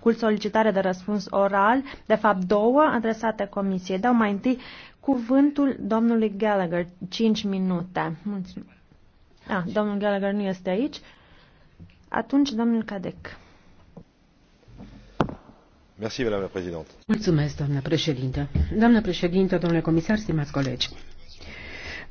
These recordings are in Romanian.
cu solicitare de răspuns oral, de fapt două, adresate comisiei. Dau mai întâi cuvântul domnului Gallagher, 5 minute. Mulțumesc. Ah, domnul Gallagher nu este aici. Atunci, domnul Cadec. Mulțumesc, doamnă președintă. Doamnă președintă, domnule comisar, stimați colegi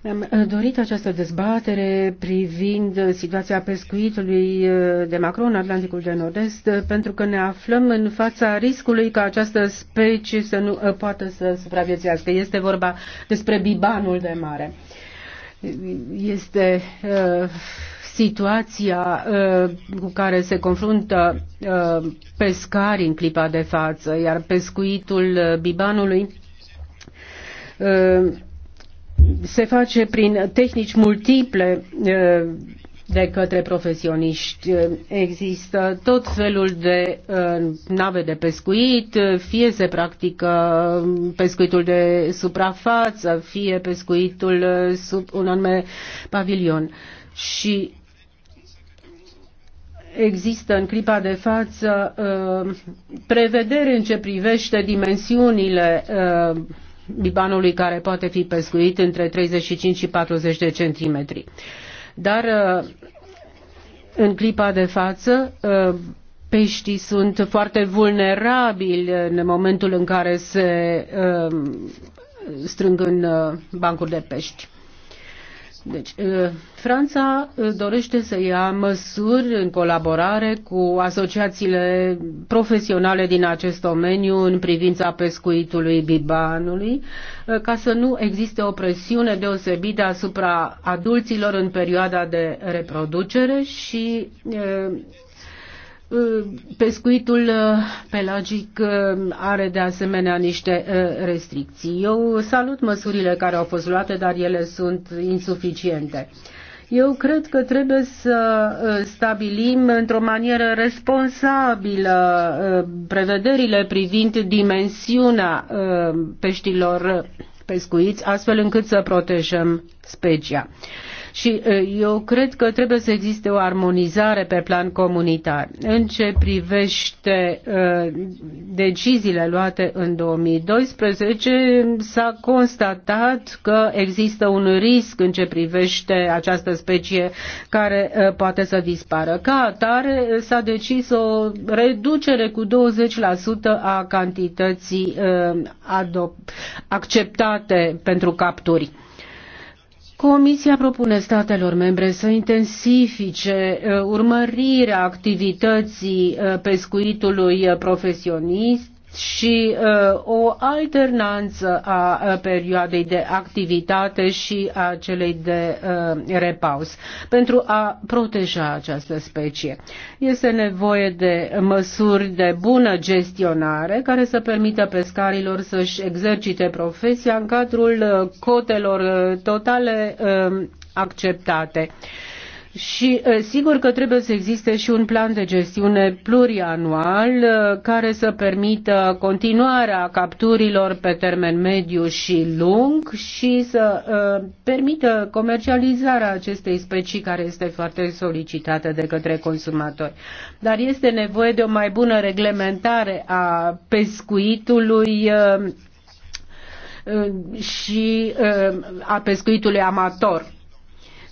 ne am uh, dorit această dezbatere privind uh, situația pescuitului uh, de Macron în Atlanticul de Nord-Est, pentru că ne aflăm în fața riscului ca această specie să nu poată să supraviețuiască. Este vorba despre bibanul de mare. Este uh, situația uh, cu care se confruntă uh, pescarii în clipa de față, iar pescuitul bibanului uh, se face prin tehnici multiple de către profesioniști. Există tot felul de nave de pescuit, fie se practică pescuitul de suprafață, fie pescuitul sub un anume pavilion. Și există în clipa de față prevedere în ce privește dimensiunile bibanului care poate fi pescuit între 35 și 40 de centimetri. Dar uh, în clipa de față uh, peștii sunt foarte vulnerabili în momentul în care se uh, strâng în bancuri de pești. Deci, Franța dorește să ia măsuri în colaborare cu asociațiile profesionale din acest domeniu în privința pescuitului bibanului, ca să nu existe o presiune deosebită asupra adulților în perioada de reproducere și Uh, pescuitul uh, pelagic uh, are de asemenea niște restricții. Eu salut măsurile care au fost luate, dar ele sunt insuficiente. Eu cred că trebuie să stabilim într-o manieră responsabilă prevederile privind dimensiunea peștilor pescuiți, astfel încât să protejăm specia. Și eu cred că trebuie să existe o armonizare pe plan comunitar. În ce privește deciziile luate în 2012, s-a constatat că există un risc în ce privește această specie care poate să dispară. Ca atare s-a decis o reducere cu 20% a cantității acceptate pentru capturi. Comisia propune statelor membre să intensifice uh, urmărirea activității uh, pescuitului profesionist și uh, o alternanță a a uh, perioadei de activitate și a celei de uh, repaus pentru a proteja această specie. Este nevoie de măsuri de bună gestionare care să permită pescarilor să-și exercite profesia în cadrul uh, cotelor uh, totale uh, acceptate. Uh, și uh, sigur că trebuie să existe și un plan de gestiune plurianual uh, care să permită continuarea capturilor pe termen mediu și lung și să uh, permită comercializarea acestei specii care este foarte solicitată de către consumatori. Dar este nevoie de o mai bună reglementare a pescuitului și a pescuitului amator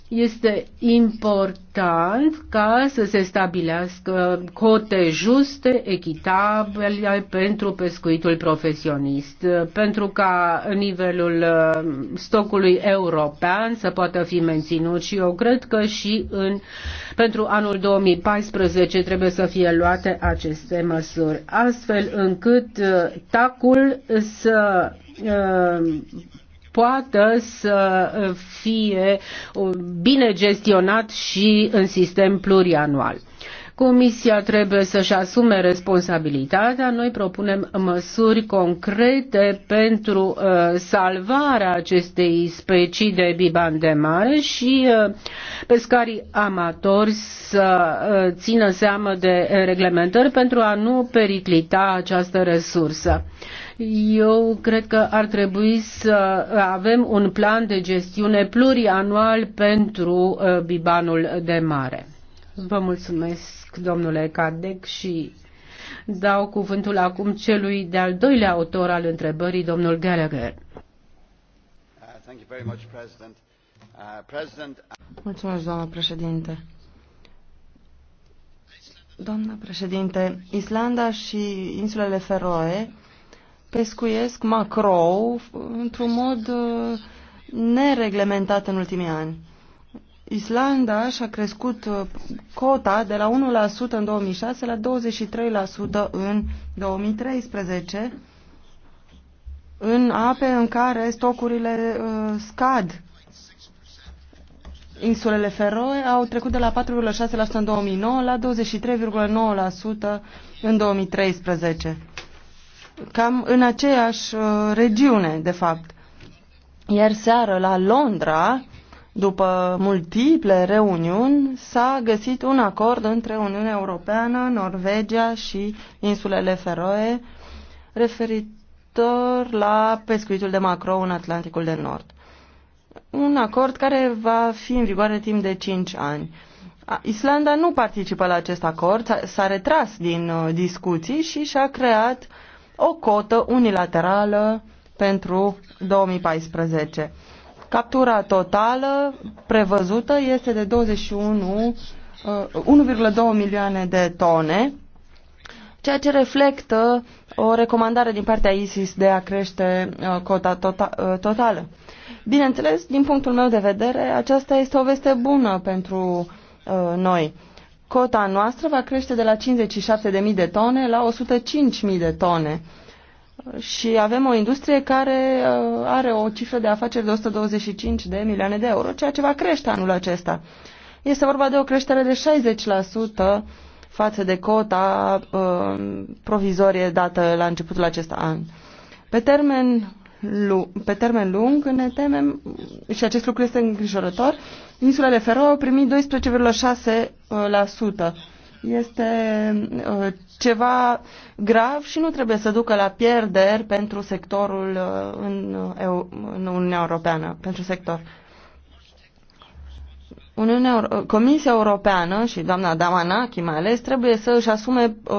este important ca să se stabilească cote juste, echitabile pentru pescuitul profesionist, pentru ca nivelul uh, stocului european să poată fi menținut și eu cred că și în, pentru anul 2014 trebuie să fie luate aceste măsuri, astfel încât uh, tacul să uh, poată să fie uh, bine gestionat și în sistem plurianual. Comisia trebuie să-și asume responsabilitatea. Noi propunem măsuri concrete pentru uh, salvarea acestei specii de biban de mare și uh, pescarii amatori să uh, țină seamă de reglementări pentru a nu periclita această resursă. Uh, eu cred că ar trebui să avem un plan de gestiune plurianual pentru uh, bibanul de mare. Vă mulțumesc, domnule Cadec, și dau cuvântul acum celui de-al doilea autor al întrebării, domnul Gallagher. Uh, uh, mulțumesc, doamnă președinte. Doamnă președinte, Islanda și insulele Feroe pescuiesc macrou într-un mod uh, nereglementat în ultimii ani. Islanda și-a crescut uh, cota de la 1% în 2006 la 23% în 2013 în ape în care stocurile uh, scad. Insulele Feroe au trecut de la 4,6% în 2009 la 23,9% în 2013 cam în aceeași uh, regiune, de fapt. Iar seară la Londra, după multiple reuniuni, s-a găsit un acord între Uniunea Europeană, Norvegia și insulele Feroe referitor la pescuitul de macro în Atlanticul de Nord. Un acord care va fi în vigoare timp de 5 ani. Islanda nu participă la acest acord, s-a retras din uh, discuții și și-a creat uh, o cotă unilaterală pentru 2014. Captura totală prevăzută este de 21 1,2 uh, milioane de tone, ceea ce reflectă o recomandare din partea ISIS de a crește uh, cota tota, uh, totală. Bineînțeles, din punctul meu de vedere, aceasta este o veste bună pentru noi. Cota noastră va crește de la 57.000 de tone la 105.000 de tone. Și avem o industrie care uh, are o cifră de afaceri de 125 de milioane de euro, ceea ce va crește anul acesta. Este vorba de o creștere de 60% față de cota uh, provizorie dată la începutul acesta an. Pe termen pe termen lung ne temem, și acest lucru este îngrijorător, insulele Fero au primit 12,6%. Uh, este uh, ceva grav și nu trebuie să ducă la pierderi pentru sectorul uh, în, în Uniunea Europeană, pentru sector. Uniunea Euro- Comisia Europeană și doamna Damanaki mai ales trebuie să își asume uh,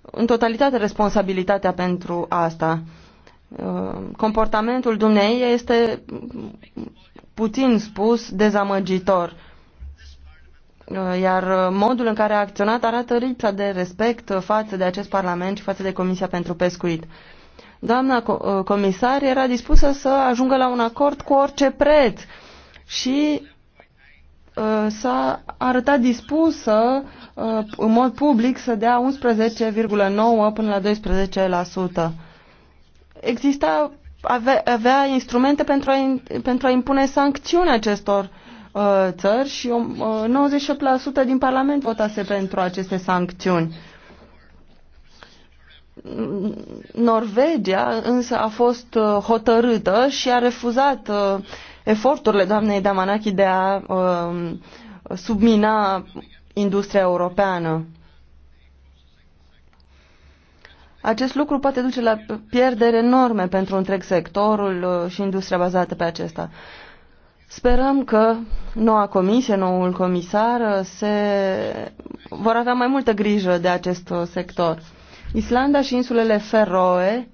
în totalitate responsabilitatea pentru asta. Uh, comportamentul dumneei este puțin spus dezamăgitor. Uh, iar uh, modul în care a acționat arată lipsa de respect față de acest Parlament și față de Comisia pentru Pescuit. Doamna comisar era dispusă să ajungă la un acord cu orice preț și s-a arătat dispusă în mod public să dea 11,9 până la 12% exista, avea, avea instrumente pentru a, pentru a impune sancțiuni acestor uh, țări și um, uh, 98% din Parlament votase pentru aceste sancțiuni. Norvegia însă a fost uh, hotărâtă și a refuzat uh, eforturile doamnei Damanaki de a uh, submina industria europeană. Acest lucru poate duce la pierdere enorme pentru întreg sectorul uh, și industria bazată pe acesta. Sperăm că noua comisie, noul comisar uh, se vor avea mai multă grijă de acest uh, sector. Islanda și insulele Feroe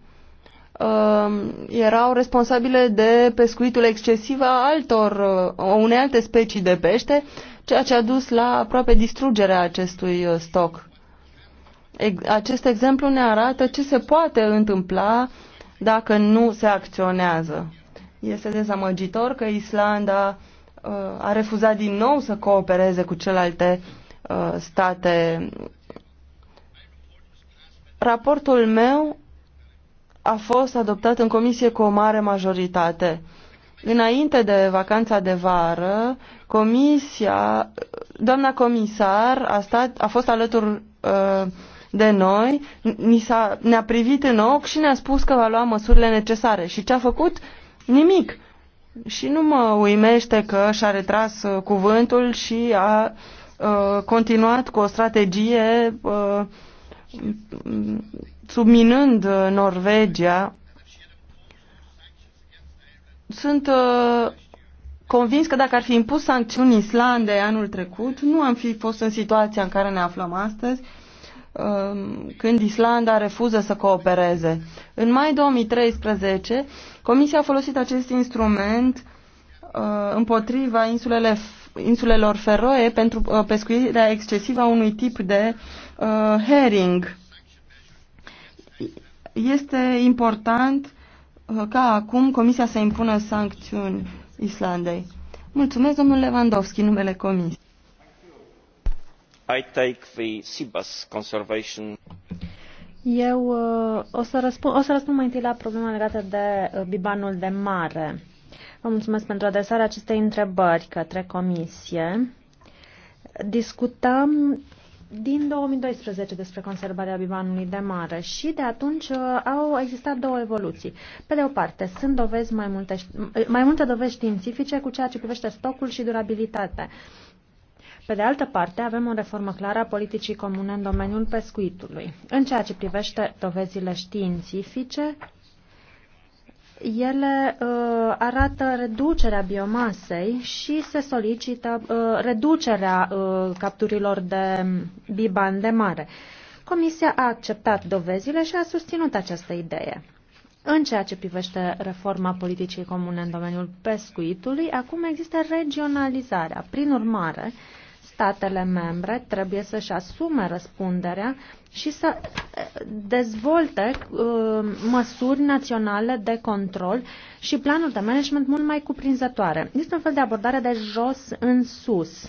uh, erau responsabile de pescuitul excesiv a altor, uh, unei alte specii de pește, ceea ce a dus la aproape distrugerea acestui stoc acest exemplu ne arată ce se poate întâmpla dacă nu se acționează. Este dezamăgitor că Islanda uh, a refuzat din nou să coopereze cu celelalte uh, state. Raportul meu a fost adoptat în comisie cu o mare majoritate. Înainte de vacanța de vară, comisia, doamna comisar a, stat, a fost alături uh, de noi, ni s-a, ne-a privit în ochi și ne-a spus că va lua măsurile necesare. Și ce a făcut? Nimic. Și nu mă uimește că și-a retras uh, cuvântul și a uh, continuat cu o strategie uh, subminând uh, Norvegia. Sunt uh, convins că dacă ar fi impus sancțiuni Islandei anul trecut, nu am fi fost în situația în care ne aflăm astăzi. Uh, Um, când Islanda refuză să coopereze. În mai 2013, Comisia a folosit acest instrument uh, împotriva insulele, insulelor Feroe pentru uh, pescuirea excesivă a unui tip de uh, herring. Este important uh, ca acum Comisia să impună sancțiuni Islandei. Mulțumesc, domnul Lewandowski, numele Comisiei. Eu uh, o să, răspund, o să răspund mai întâi la problema legată de uh, bibanul de mare. Vă mulțumesc pentru adresarea acestei întrebări către Comisie. Discutăm din 2012 despre conservarea bibanului de mare și de atunci uh, au existat două evoluții. Pe de o parte, sunt dovezi mai multe, mai multe dovezi științifice cu ceea ce privește stocul și durabilitatea. Pe de altă parte, avem o reformă clară a politicii comune în domeniul pescuitului. În ceea ce privește dovezile științifice, ele uh, arată reducerea biomasei și se solicită uh, reducerea uh, capturilor de biban de mare. Comisia a acceptat dovezile și a susținut această idee. În ceea ce privește reforma politicii comune în domeniul pescuitului, acum există regionalizarea. Prin urmare, uh, statele membre trebuie să-și asume răspunderea și să eh, dezvolte uh, măsuri naționale de control și planuri de management mult mai cuprinzătoare. Este un fel de abordare de jos în sus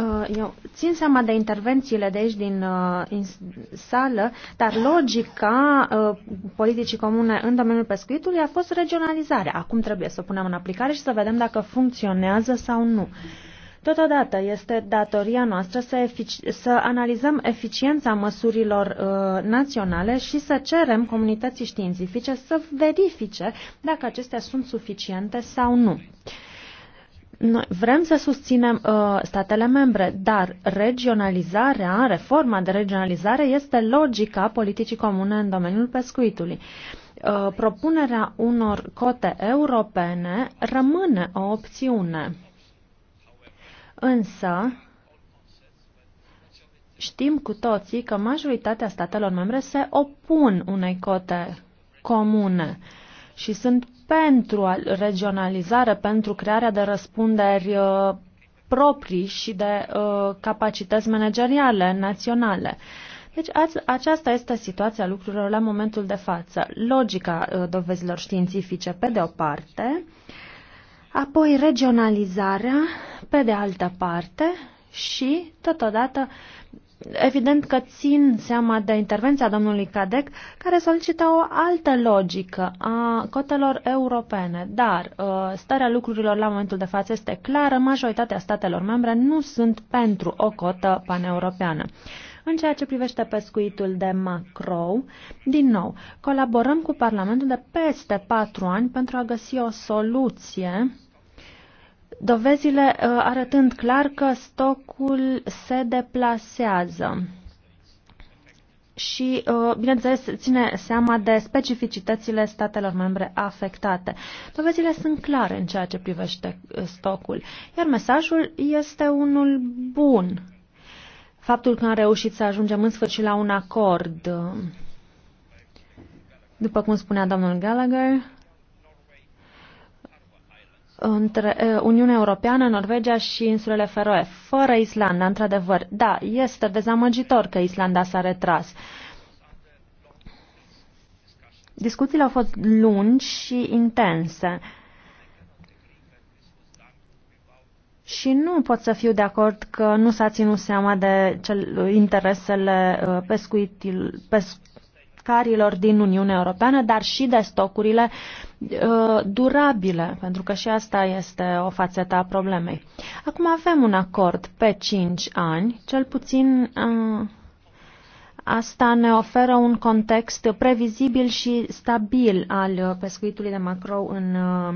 Uh, eu țin seama de intervențiile de aici din, uh, din sală, dar logica uh, politicii comune în domeniul pescuitului a fost regionalizarea. Acum trebuie să o punem în aplicare și să vedem dacă funcționează sau nu. Totodată este datoria noastră să, să analizăm eficiența măsurilor uh, naționale și să cerem comunității științifice să verifice dacă acestea sunt suficiente sau nu. Uh, noi vrem să susținem uh, statele membre, dar regionalizarea, reforma de regionalizare este logica politicii comune în domeniul pescuitului. Uh, propunerea unor cote europene rămâne o opțiune. Însă, știm cu toții că majoritatea statelor membre se opun unei cote comune și sunt pentru regionalizare, pentru crearea de răspunderi uh, proprii și de uh, capacități manageriale naționale. Deci aceasta este situația lucrurilor la momentul de față. Logica uh, dovezilor științifice pe de o parte, apoi regionalizarea pe de altă parte și totodată evident că țin seama de intervenția domnului Cadec, care solicită o altă logică a cotelor europene. Dar uh, starea lucrurilor la momentul de față este clară, majoritatea statelor membre nu sunt pentru o cotă paneuropeană. În ceea ce privește pescuitul de macro, din nou, colaborăm cu Parlamentul de peste patru ani pentru a găsi o soluție dovezile uh, arătând clar că stocul se deplasează și, uh, bineînțeles, ține seama de specificitățile statelor membre afectate. Dovezile sunt clare în ceea ce privește uh, stocul, iar mesajul este unul bun. Faptul că am reușit să ajungem în sfârșit la un acord, după cum spunea domnul Gallagher, între Uniunea Europeană, Norvegia și insulele Feroe, fără Islanda, într-adevăr. Da, este dezamăgitor că Islanda s-a retras. Discuțiile au fost lungi și intense. Și nu pot să fiu de acord că nu s-a ținut seama de cel, interesele pescuitil, pescarilor din Uniunea Europeană, dar și de stocurile Uh, durabile, pentru că și asta este o fațetă a problemei. Acum avem un acord pe 5 ani, cel puțin uh, asta ne oferă un context previzibil și stabil al pescuitului de macrou în uh,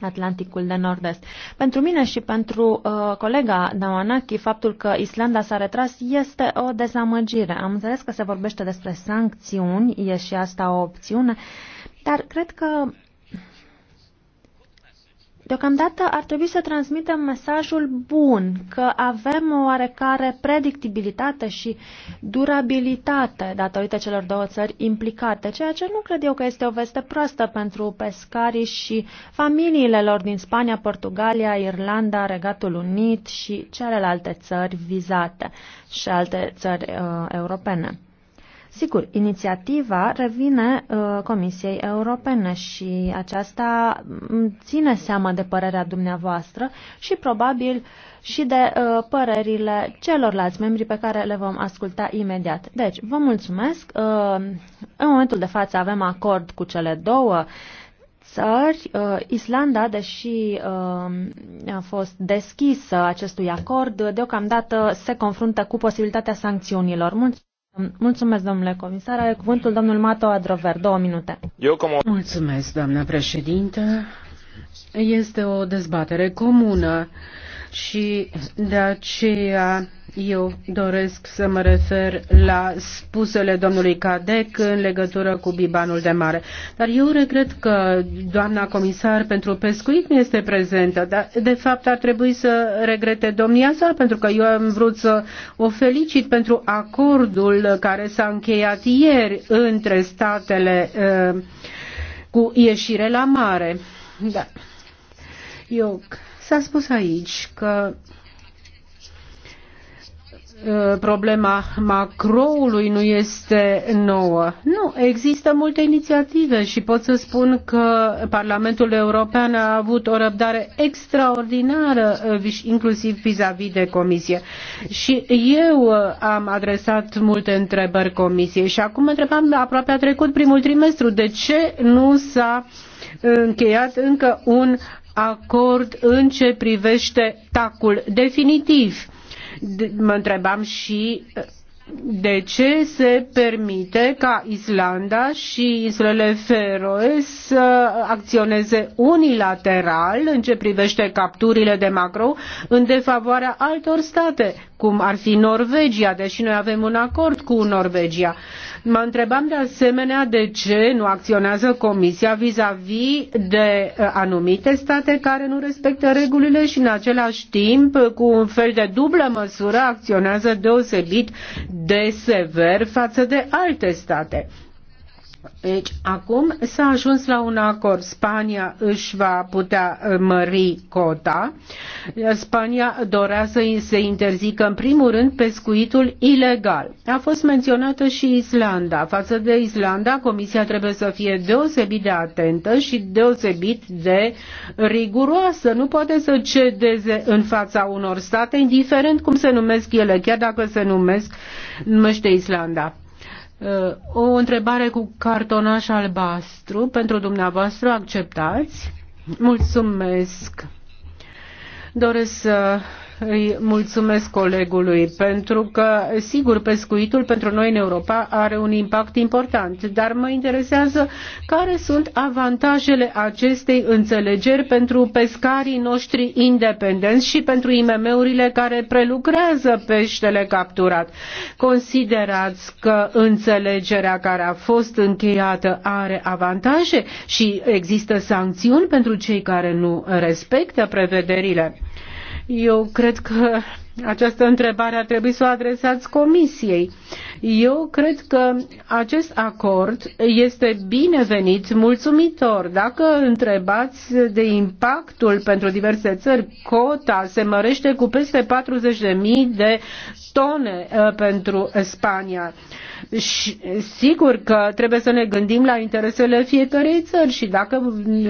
Atlanticul de Nord-Est. Pentru mine și pentru uh, colega Damanaki, faptul că Islanda s-a retras este o dezamăgire. Am înțeles că se vorbește despre sancțiuni, e și asta o opțiune. Uh, dar cred că Deocamdată ar trebui să transmitem mesajul bun că avem o oarecare predictibilitate și durabilitate datorită celor două țări implicate, ceea ce nu cred eu că este o veste proastă pentru pescarii și familiile lor din Spania, Portugalia, Irlanda, Regatul Unit și celelalte țări vizate și alte țări uh, europene. Sigur, inițiativa revine uh, Comisiei Europene și aceasta mm, ține seama de părerea dumneavoastră și probabil și de uh, părerile celorlalți membri pe care le vom asculta imediat. Deci, vă mulțumesc. Uh, în momentul de față avem acord cu cele două țări. Uh, Islanda, deși uh, a fost deschisă acestui acord, deocamdată se confruntă cu posibilitatea sancțiunilor. Mulțumesc. Mulțumesc, domnule comisar. Are cuvântul domnul Mato Adrover. Două minute. Eu, cum... Mulțumesc, doamna președintă. Este o dezbatere comună și de aceea eu doresc să mă refer la spusele domnului Cadec în legătură cu bibanul de mare. Dar eu regret că doamna comisar pentru pescuit nu este prezentă, dar de fapt ar trebui să regrete domnia sa, pentru că eu am vrut să o felicit pentru acordul care s-a încheiat ieri între statele eh, cu ieșire la mare. Da. Eu, s-a spus aici că Uh, problema macroului nu este nouă. Nu, există multe inițiative și pot să spun că Parlamentul European a avut o răbdare extraordinară, uh, inclusiv vis-a-vis -vis de comisie. Și eu uh, am adresat multe întrebări comisiei și acum întrebam, aproape a trecut primul trimestru, de ce nu s-a încheiat încă un acord în ce privește tacul definitiv? Mă întrebam și de ce se permite ca Islanda și Islele Feroe să acționeze unilateral în ce privește capturile de macro în defavoarea altor state, cum ar fi Norvegia, deși noi avem un acord cu Norvegia. Mă întrebam de asemenea de ce nu acționează Comisia vis-a-vis -vis de uh, anumite state care nu respectă regulile și în același timp uh, cu un fel de dublă măsură acționează deosebit de sever față de alte state. Deci acum s-a ajuns la un acord. Spania își va putea uh, mări cota. Spania dorea să se interzică în primul rând pescuitul ilegal. A fost menționată și Islanda. Față de Islanda, Comisia trebuie să fie deosebit de atentă și deosebit de riguroasă. Nu poate să cedeze în fața unor state, indiferent cum se numesc ele, chiar dacă se numesc numește Islanda. Uh, o întrebare cu cartonaș albastru pentru dumneavoastră. Acceptați? Mulțumesc. Doresc să îi mulțumesc colegului pentru că, sigur, pescuitul pentru noi în Europa are un impact important, dar mă interesează care sunt avantajele acestei înțelegeri pentru pescarii noștri independenți și pentru IMM-urile care prelucrează peștele capturat. Considerați că înțelegerea care a fost încheiată are avantaje și există sancțiuni pentru cei care nu respectă prevederile? Eu cred că această întrebare ar trebui să o adresați Comisiei. Eu cred că acest acord este binevenit, mulțumitor. Dacă întrebați de impactul pentru diverse țări, cota se mărește cu peste 40.000 de tone uh, pentru Spania. Și sigur că trebuie să ne gândim la interesele fiecărei țări și dacă uh,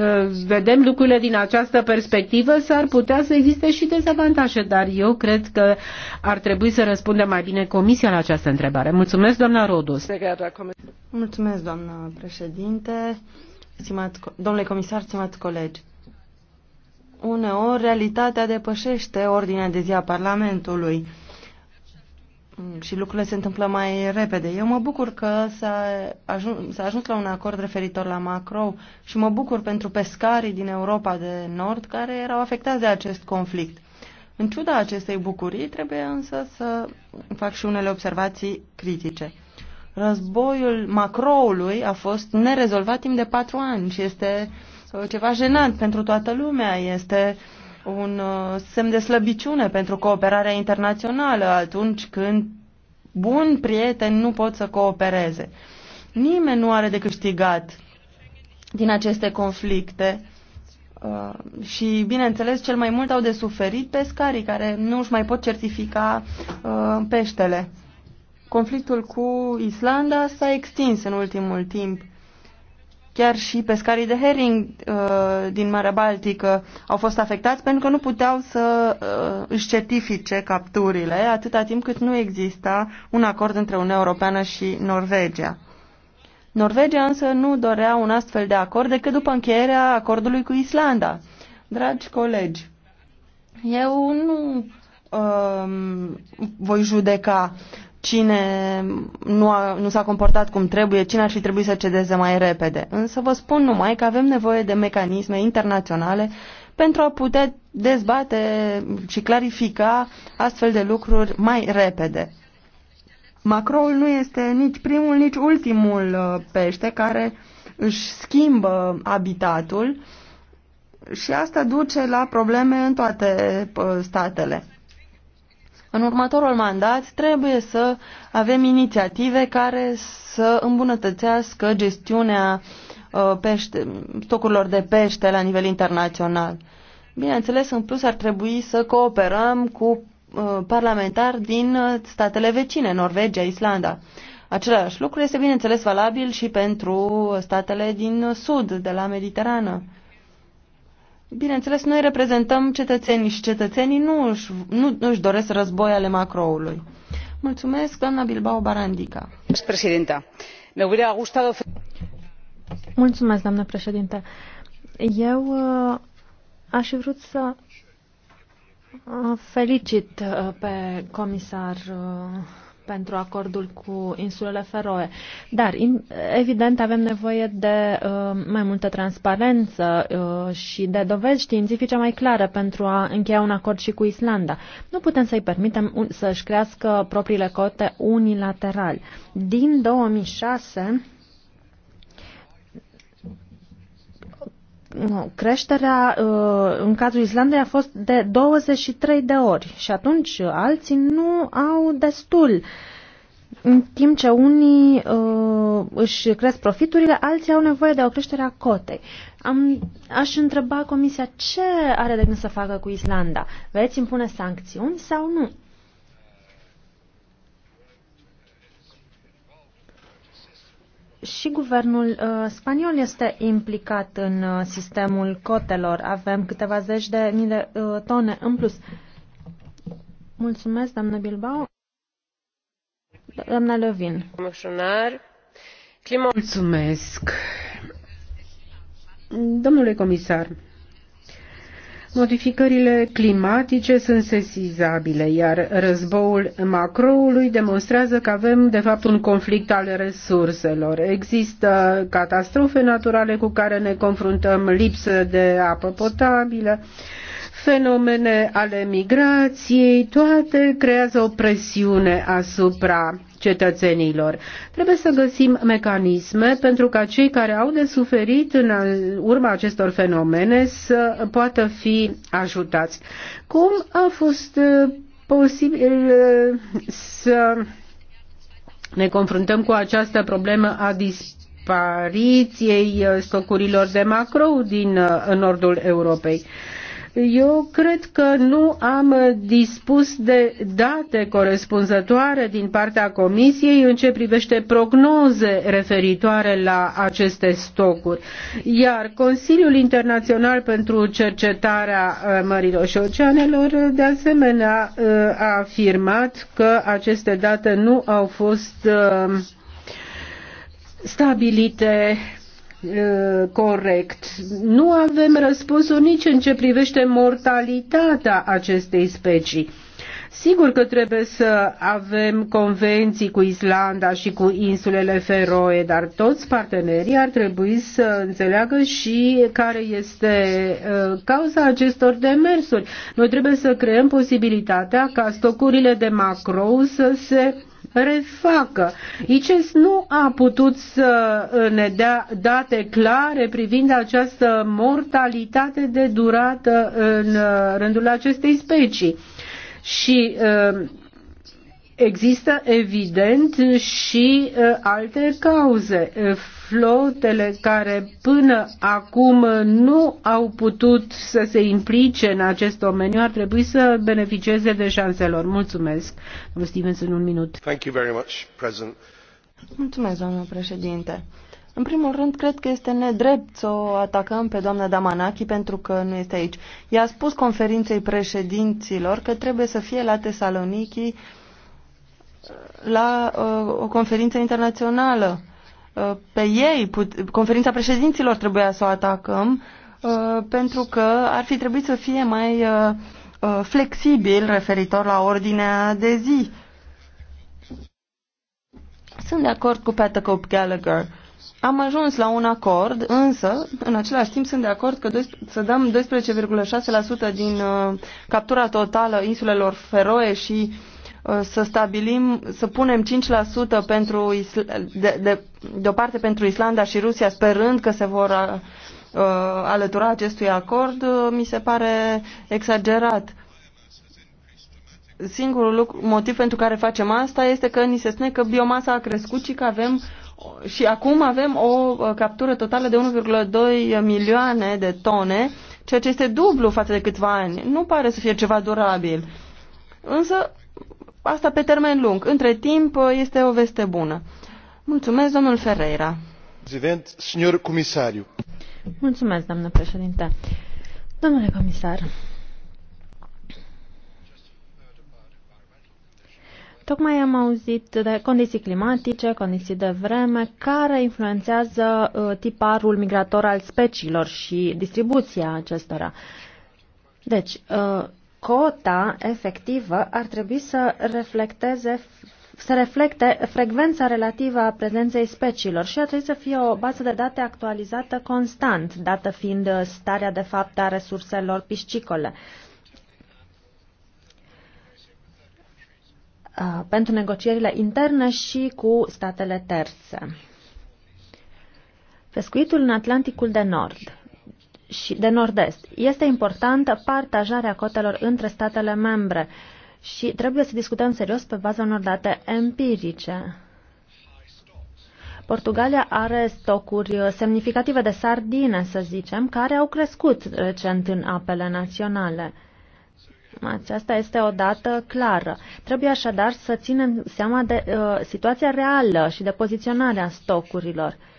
vedem lucrurile din această perspectivă, s-ar putea să existe și dezavantaje, dar eu cred că ar trebui să răspundă mai bine Comisia la această întrebare. Mulțumesc, doamna Rodos. Mulțumesc, doamna președinte, stimat, domnule comisar, stimați colegi. Uneori, realitatea depășește ordinea de zi a Parlamentului și lucrurile se întâmplă mai repede. Eu mă bucur că s-a ajuns, s-a ajuns la un acord referitor la macro și mă bucur pentru pescarii din Europa de Nord care erau afectați de acest conflict. În ciuda acestei bucurii, trebuie însă să fac și unele observații critice. Războiul Macroului a fost nerezolvat timp de patru ani și este uh, ceva jenant pentru toată lumea. Este un uh, semn de slăbiciune pentru cooperarea internațională atunci când buni prieteni nu pot să coopereze. Nimeni nu are de câștigat din aceste conflicte Uh, și, bineînțeles, cel mai mult au de suferit pescarii care nu își mai pot certifica uh, peștele. Conflictul cu Islanda s-a extins în ultimul timp. Chiar și pescarii de herring uh, din Marea Baltică au fost afectați pentru că nu puteau să uh, își certifice capturile atâta timp cât nu exista un acord între Uniunea Europeană și Norvegia. Norvegia însă nu dorea un astfel de acord decât după încheierea acordului cu Islanda. Dragi colegi, eu nu uh, voi judeca cine nu, a, nu s-a comportat cum trebuie, cine ar fi trebuit să cedeze mai repede. Însă vă spun numai că avem nevoie de mecanisme internaționale pentru a putea dezbate și clarifica astfel de lucruri mai repede. Macroul nu este nici primul, nici ultimul uh, pește care își schimbă habitatul și asta duce la probleme în toate uh, statele. În următorul mandat trebuie să avem inițiative care să îmbunătățească gestiunea uh, pește, stocurilor de pește la nivel internațional. Bineînțeles, în plus ar trebui să cooperăm cu Uh, parlamentari din uh, statele vecine, Norvegia, Islanda. Același lucru este, bineînțeles, valabil și pentru statele din sud, de la Mediterană. Bineînțeles, noi reprezentăm cetățenii și cetățenii nu își, nu, nu își doresc război ale macroului. Mulțumesc, doamna Bilbao Barandica. Mulțumesc, doamna președinte. Eu uh, aș vrut să Uh, felicit uh, pe comisar uh, pentru acordul cu insulele Feroe. Dar, evident, avem nevoie de mai multă transparență și de dovezi științifice mai clare pentru a încheia un acord și cu Islanda. Nu putem să-i permitem să-și crească propriile cote unilateral. Din 2006, creșterea uh, în cazul Islandei a fost de 23 de ori și atunci alții nu au destul. În timp ce unii uh, își cresc profiturile, alții au nevoie de o creștere a cotei. Am, aș întreba Comisia ce are de gând să facă cu Islanda. Veți impune sancțiuni sau nu? și guvernul uh, spaniol este implicat în uh, sistemul cotelor. Avem câteva zeci de mii de uh, tone în plus. Mulțumesc, doamnă Bilbao. Doamna Levin. Mulțumesc. Domnule comisar, Modificările climatice sunt sesizabile, iar războiul macroului demonstrează că avem, de fapt, un conflict al resurselor. Există catastrofe naturale cu care ne confruntăm, lipsă de apă potabilă, fenomene ale migrației, toate creează o presiune asupra cetățenilor. Trebuie să găsim mecanisme pentru ca cei care au de suferit în urma acestor fenomene să poată fi ajutați. Cum a fost uh, posibil uh, să ne confruntăm cu această problemă a dispariției uh, stocurilor de macro din nordul Europei? Eu cred că nu am dispus de date corespunzătoare din partea Comisiei în ce privește prognoze referitoare la aceste stocuri. Iar Consiliul Internațional pentru Cercetarea uh, Mărilor și Oceanelor, uh, de asemenea, uh, a afirmat că aceste date nu au fost stabilite corect. Nu avem răspunsuri nici în ce privește mortalitatea acestei specii. Sigur că trebuie să avem convenții cu Islanda și cu insulele Feroe, dar toți partenerii ar trebui să înțeleagă și care este cauza acestor demersuri. Noi trebuie să creăm posibilitatea ca stocurile de macro să se refacă. ICES nu a putut să uh, ne dea date clare privind această mortalitate de durată în uh, rândul acestei specii. Și uh, Există evident și alte cauze flotele care până acum nu au putut să se implice în acest domeniu ar trebui să beneficieze de șanselor. Mulțumesc. Domnul în un minut. Thank you very much, President. Mulțumesc, doamnă președinte. În primul rând, cred că este nedrept să o atacăm pe doamna Damanaki pentru că nu este aici. I-a spus conferinței președinților că trebuie să fie la Tesaloniki la uh, o conferință internațională. Uh, Uh, pe ei, put, conferința președinților trebuia să o atacăm, uh, pentru că ar fi trebuit să fie mai uh, flexibil referitor la ordinea de zi. Sunt de acord cu Peter Cope Gallagher. Am ajuns la un acord, însă, în același timp, sunt de acord că să dăm 12,6% din uh, captura totală insulelor Feroe și Uh, să stabilim, să punem 5% pentru de, de, deoparte pentru Islanda și Rusia, sperând că se vor a, uh, a, uh, alătura acestui acord, mi se pare exagerat. Singurul lucru, motiv pentru care facem asta este că ni se spune că biomasa a crescut și că avem și acum avem o captură totală de 1,2 milioane de tone, ceea ce este dublu față de câțiva ani. Nu pare să fie ceva durabil. Însă Asta pe termen lung. Între timp, este o veste bună. Mulțumesc, domnul Ferreira. Prezident, senior comisariu. Mulțumesc, doamnă președinte. Domnule comisar, Tocmai am auzit de condiții climatice, condiții de vreme, care influențează uh, tiparul migrator al speciilor și distribuția acestora. Deci, uh, cota efectivă ar trebui să reflecteze să reflecte frecvența relativă a prezenței speciilor și ar trebui să fie o bază de date actualizată constant, dată fiind starea de fapt a resurselor piscicole. pentru negocierile interne și cu statele terțe. Pescuitul în Atlanticul de Nord și de nord-est. Este importantă partajarea cotelor între statele membre și trebuie să discutăm serios pe baza unor date empirice. Portugalia are stocuri semnificative de sardine, să zicem, care au crescut recent în apele naționale. Aceasta este o dată clară. Trebuie așadar să ținem seama de uh, situația reală și de poziționarea stocurilor. Uh,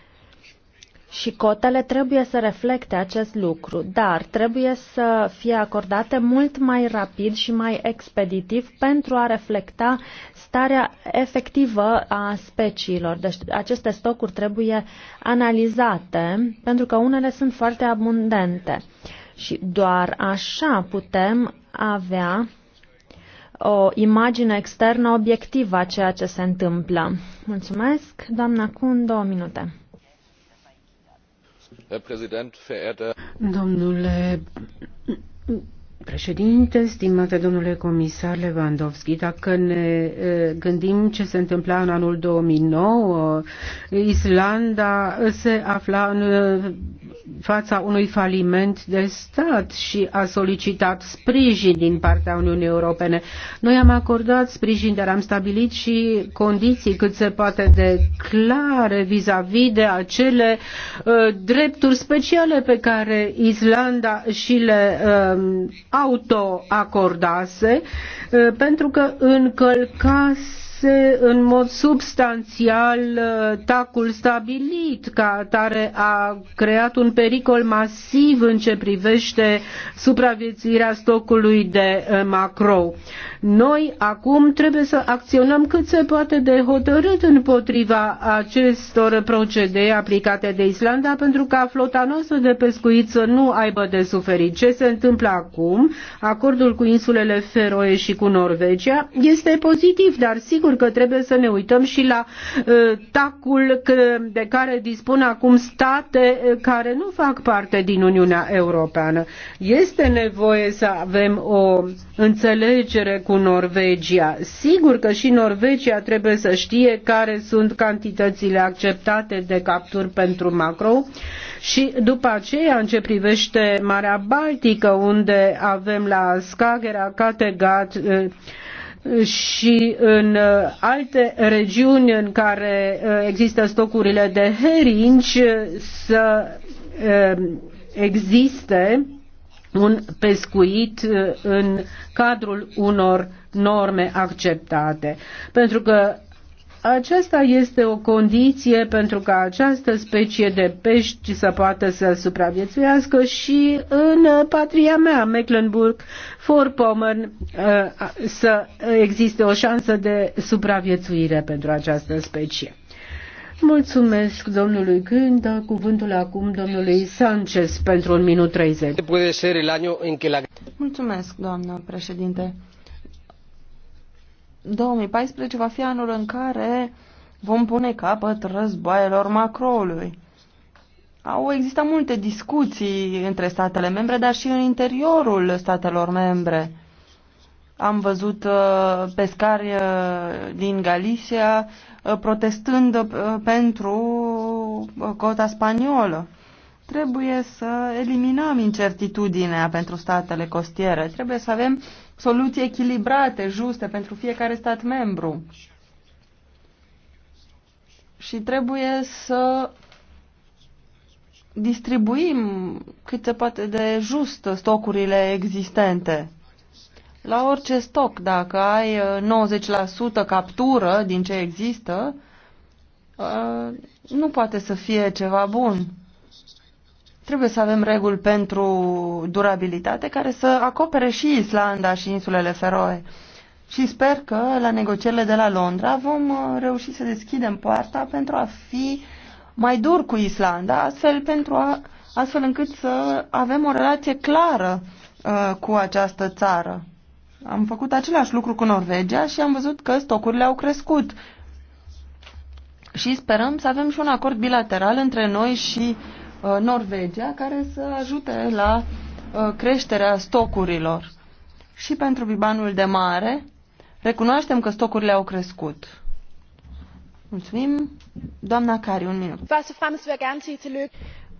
și cotele trebuie să reflecte acest lucru, dar trebuie să fie acordate mult mai rapid și mai expeditiv pentru a reflecta starea efectivă a speciilor. Deci aceste stocuri trebuie analizate pentru că unele sunt foarte abundente și doar așa putem avea o imagine externă obiectivă a ceea ce se întâmplă. Mulțumesc, doamna Cun, două minute domnule președinte verehrter herr kommissar liebe kolleginnen und kollegen! președinte, stimate domnule comisar Lewandowski, dacă ne gândim ce se întâmpla în anul 2009, Islanda se afla în fața unui faliment de stat și a solicitat sprijin din partea Uniunii Europene. Noi am acordat sprijin, dar am stabilit și condiții cât se poate de clare vis-a-vis -vis de acele uh, drepturi speciale pe care Islanda și le uh, autoacordase eh, pentru că încălcase retrase în mod substanțial uh, tacul stabilit, ca atare a creat un pericol masiv în ce privește supraviețuirea stocului de uh, macro. Noi acum trebuie să acționăm cât se poate de hotărât împotriva acestor procedee aplicate de Islanda pentru ca flota noastră de pescuit să nu aibă de suferit. Ce se întâmplă acum? Acordul cu insulele Feroe și cu Norvegia este pozitiv, dar sigur sigur că trebuie să ne uităm și la uh, tacul de care dispun acum state uh, care nu fac parte din Uniunea Europeană. Este nevoie să avem o înțelegere cu Norvegia. Sigur că și Norvegia trebuie să știe care sunt cantitățile acceptate de capturi pentru macro și după aceea în ce privește Marea Baltică unde avem la Skagerrak, Kattegat, uh, și în uh, alte regiuni în care uh, există stocurile de herinci uh, să existe un pescuit în cadrul unor norme acceptate. Pentru că aceasta este o condiție pentru ca această specie de pești să poată să supraviețuiască și în patria mea, Mecklenburg-Vorpommern, uh, să existe o șansă de supraviețuire pentru această specie. Mulțumesc domnului Gândă, cuvântul acum domnului Sanchez pentru un minut 30. Mulțumesc, doamnă președinte. 2014 va fi anul în care vom pune capăt războaielor Macroului. Au existat multe discuții între statele membre, dar și în interiorul statelor membre. Am văzut uh, pescari uh, din Galicia uh, protestând pentru cota spaniolă. Trebuie să eliminăm incertitudinea pentru statele costiere. Trebuie să avem soluții echilibrate, juste pentru fiecare stat membru. Și trebuie să distribuim cât se poate de just stocurile existente. La orice stoc, dacă ai uh, 90% captură din ce există, uh, nu poate să fie ceva bun. Trebuie să avem reguli pentru durabilitate care să acopere și Islanda și insulele Feroe. Și sper că la negocierile de la Londra vom uh, reuși să deschidem poarta pentru a fi mai dur cu Islanda, astfel, pentru a, astfel încât să avem o relație clară uh, cu această țară. Am făcut același lucru cu Norvegia și am văzut că stocurile au crescut. Și sperăm să avem și un acord bilateral între noi și Uh, Norvegia care să ajute la uh, creșterea stocurilor. Și pentru bibanul de mare, recunoaștem că stocurile au crescut. Mulțumim. Doamna Cari, un minut.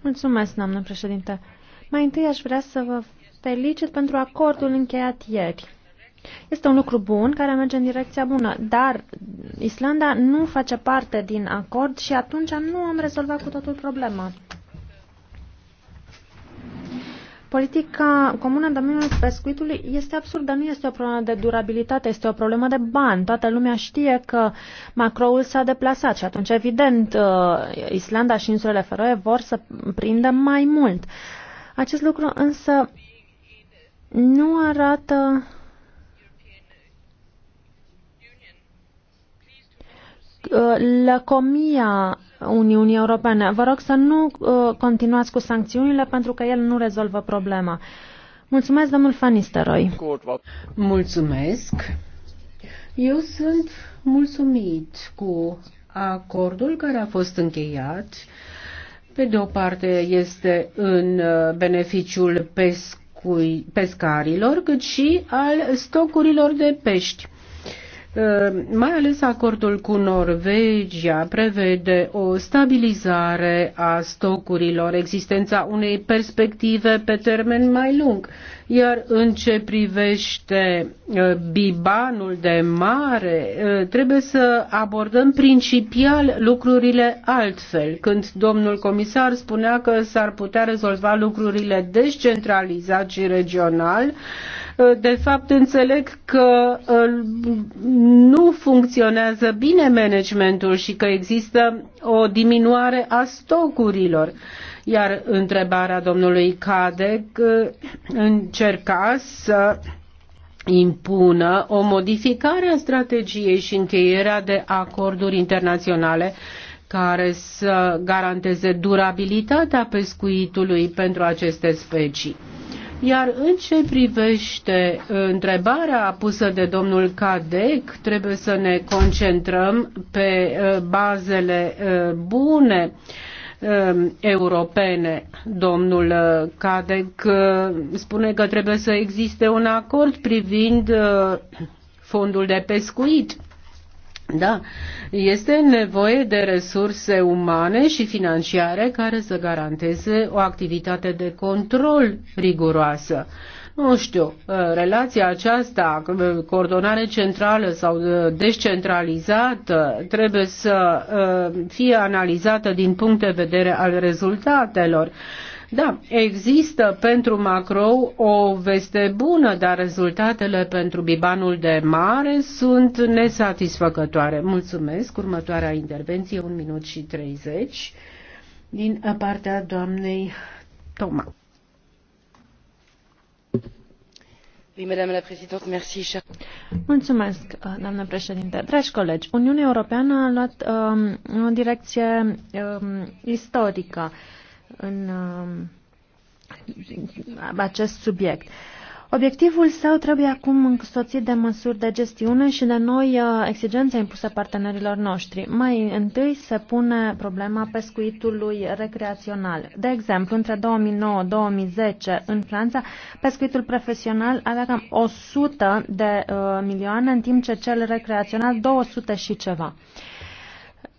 Mulțumesc, doamnă președinte. Mai întâi aș vrea să vă felicit pentru acordul încheiat ieri. Este un lucru bun care merge în direcția bună, dar Islanda nu face parte din acord și atunci nu am rezolvat cu totul problema. Politica comună în domeniul pescuitului este absurdă, nu este o problemă de durabilitate, este o problemă de bani. Toată lumea știe că macroul s-a deplasat și atunci, evident, uh, Islanda și insulele Feroe vor să prindă mai mult. Acest lucru însă nu arată Uh, lăcomia Uniunii Europene. Vă rog să nu uh, continuați cu sancțiunile pentru că el nu rezolvă problema. Mulțumesc, domnul Fanisteroi. Mulțumesc. Eu sunt mulțumit cu acordul care a fost încheiat. Pe de o parte este în uh, beneficiul pescui, pescarilor, cât și al stocurilor de pești. Uh, mai ales acordul cu Norvegia prevede o stabilizare a stocurilor, existența unei perspective pe termen mai lung iar în ce privește uh, bibanul de mare, uh, trebuie să abordăm principial lucrurile altfel. Când domnul comisar spunea că s-ar putea rezolva lucrurile descentralizat și regional, uh, de fapt înțeleg că nu funcționează bine managementul și că există o diminuare a stocurilor. Iar întrebarea domnului Cadec încerca să impună o modificare a strategiei și încheierea de acorduri internaționale care să garanteze durabilitatea pescuitului pentru aceste specii. Iar în ce privește întrebarea pusă de domnul Cadec, trebuie să ne concentrăm pe eh, bazele eh, bune Um, europene. Domnul uh, Cadec uh, spune că trebuie să existe un acord privind uh, fondul de pescuit. Da, este nevoie de resurse umane și financiare care să garanteze o activitate de control riguroasă nu știu, uh, relația aceasta, uh, coordonare centrală sau uh, descentralizată, trebuie să fie analizată din punct de vedere al rezultatelor. Da, există pentru macro o veste bună, dar rezultatele pentru bibanul de mare sunt nesatisfăcătoare. Mulțumesc. Următoarea intervenție, un minut și 30, din partea doamnei Toma. Mulțumesc, uh, doamnă președinte. Dragi colegi, Uniunea Europeană a luat um, o direcție um, istorică în um, acest subiect. Obiectivul său trebuie acum însoțit de măsuri de gestiune și de noi uh, exigențe impuse partenerilor noștri. Mai întâi se pune problema pescuitului recreațional. De exemplu, între 2009-2010 în Franța, pescuitul profesional avea cam 100 de uh, milioane, în timp ce cel recreațional 200 și ceva. Uh,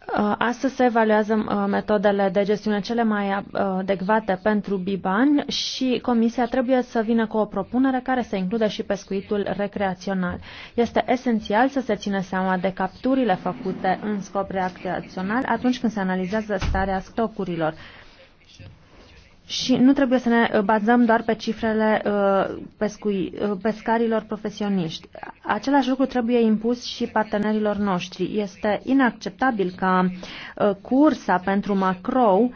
Uh, astăzi se evaluează uh, metodele de gestiune cele mai uh, adecvate pentru Biban și Comisia trebuie să vină cu o propunere care să includă și pescuitul recreațional. Este esențial să se țină seama de capturile făcute în scop recreațional atunci când se analizează starea stocurilor și nu trebuie să ne uh, bazăm doar pe cifrele uh, pescui, uh, pescarilor profesioniști. Același lucru trebuie impus și partenerilor noștri. Este inacceptabil ca cursa pentru macrou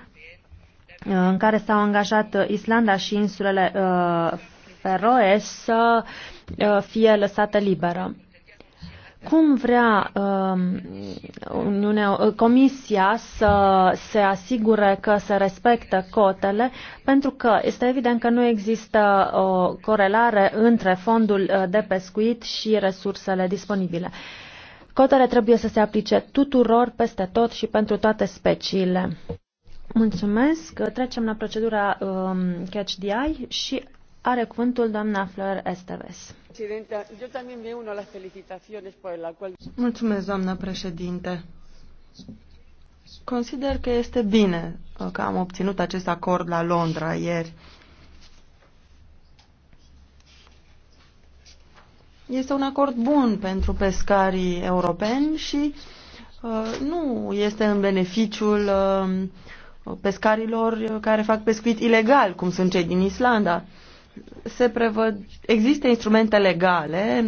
în care s-au angajat Islanda și insulele Feroe să fie lăsată liberă. Cum vrea um, uh, Uniunea, Comisia să se asigure că se respectă cotele? Pentru că este evident că nu există o corelare între fondul uh, de pescuit și resursele disponibile. Cotele trebuie să se aplice tuturor, peste tot și pentru toate speciile. Mulțumesc. Trecem la procedura um, Catch the Eye și are cuvântul doamna Fleur Esteves. Mulțumesc, doamnă președinte. Consider că este bine uh, că am obținut acest acord la Londra ieri. Este un acord bun pentru pescarii europeni și uh, nu este în beneficiul uh, pescarilor care fac pescuit ilegal, cum sunt cei din Islanda. Uh, se prevăd, există instrumente legale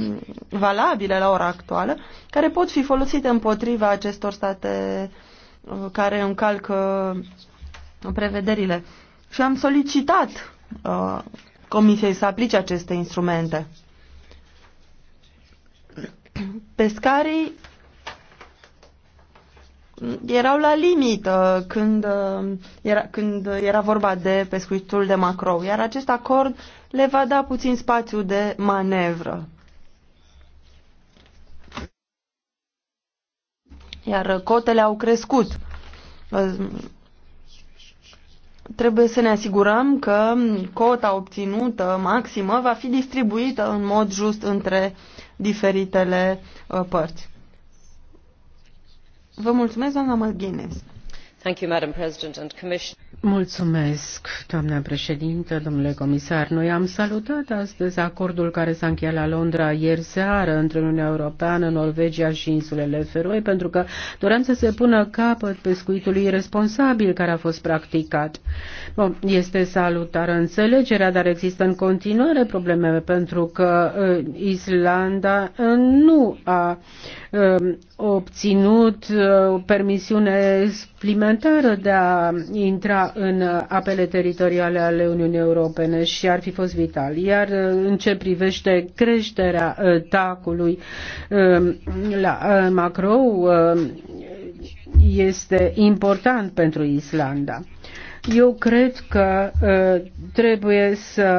valabile la ora actuală care pot fi folosite împotriva acestor state uh, care încalcă prevederile. Și am solicitat uh, Comisiei să aplice aceste instrumente. Pescarii erau la limită când uh, era, când era vorba de pescuitul de macrou, iar acest acord le va da puțin spațiu de manevră. Iar cotele au crescut. Trebuie să ne asigurăm că cota obținută maximă va fi distribuită în mod just între diferitele uh, părți. Vă mulțumesc, doamna McGuinness. Thank you, Madam President and Mulțumesc, doamna președintă, domnule comisar. Noi am salutat astăzi acordul care s-a încheiat la Londra ieri seară între Uniunea Europeană, Norvegia și insulele Feroe, pentru că doream să se pună capăt pescuitului irresponsabil care a fost practicat. Bun, este salutară înțelegerea, dar există în continuare probleme, pentru că uh, Islanda uh, nu a Um, obținut uh, permisiune suplimentară de a intra în apele teritoriale ale Uniunii Europene și ar fi fost vital. Iar uh, în ce privește creșterea uh, tacului um, la Macro, este important pentru Islanda. Eu cred că trebuie să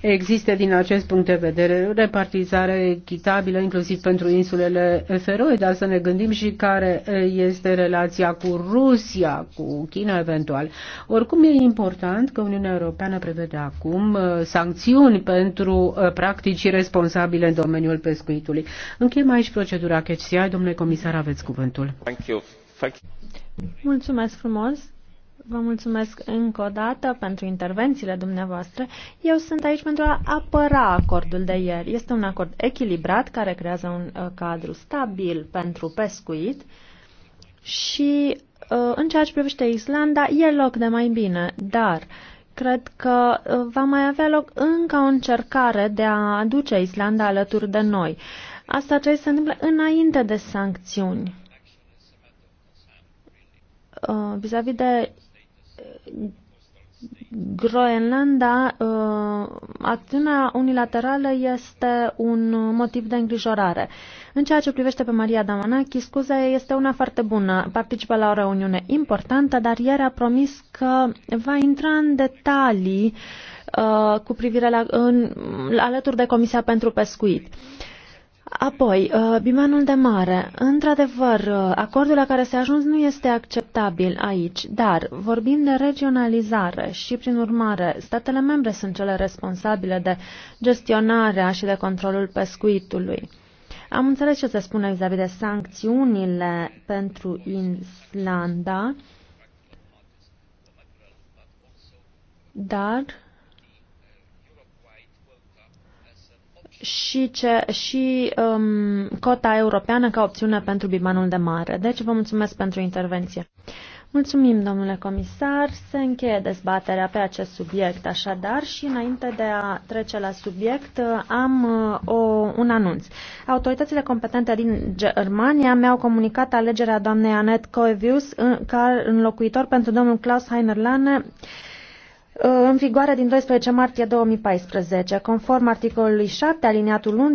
existe din acest punct de vedere repartizare echitabilă inclusiv pentru insulele Feroe, dar să ne gândim și care este relația cu Rusia, cu China eventual. Oricum e important că Uniunea Europeană prevede acum sancțiuni pentru practici responsabile în domeniul pescuitului. Încheiem aici procedura CHCI. Domnule comisar, aveți cuvântul. Thank you. Thank you. Mulțumesc frumos. Vă mulțumesc încă o dată pentru intervențiile dumneavoastră. Eu sunt aici pentru a apăra acordul de ieri. Este un acord echilibrat care creează un uh, cadru stabil pentru pescuit și uh, în ceea ce privește Islanda e loc de mai bine, dar cred că uh, va mai avea loc încă o încercare de a aduce Islanda alături de noi. Asta trebuie să se întâmple înainte de sancțiuni vis-a-vis -vis de Groenlanda, uh, acțiunea unilaterală este un motiv de îngrijorare. În ceea ce privește pe Maria Damanachi, scuza este una foarte bună. Participă la o reuniune importantă, dar ieri a promis că va intra în detalii uh, cu privire la, în, alături de Comisia pentru Pescuit. Uh, Apoi, uh, bimenul de mare. Într-adevăr, uh, acordul la care s-a ajuns nu este acceptabil aici, dar vorbim de regionalizare și, prin urmare, statele membre sunt cele responsabile de gestionarea și de controlul pescuitului. Am înțeles ce se spune vis-a-vis de sancțiunile pentru Islanda, dar și, ce, și um, cota europeană ca opțiune pentru bibanul de mare. Deci vă mulțumesc pentru intervenție. Mulțumim, domnule comisar. Se încheie dezbaterea pe acest subiect, așadar, și înainte de a trece la subiect, am uh, o, un anunț. Autoritățile competente din Germania mi-au comunicat alegerea doamnei Anet Coevius în, ca înlocuitor pentru domnul Klaus Heiner Lane în vigoare din 12 martie 2014. Conform articolului 7, aliniatul 1,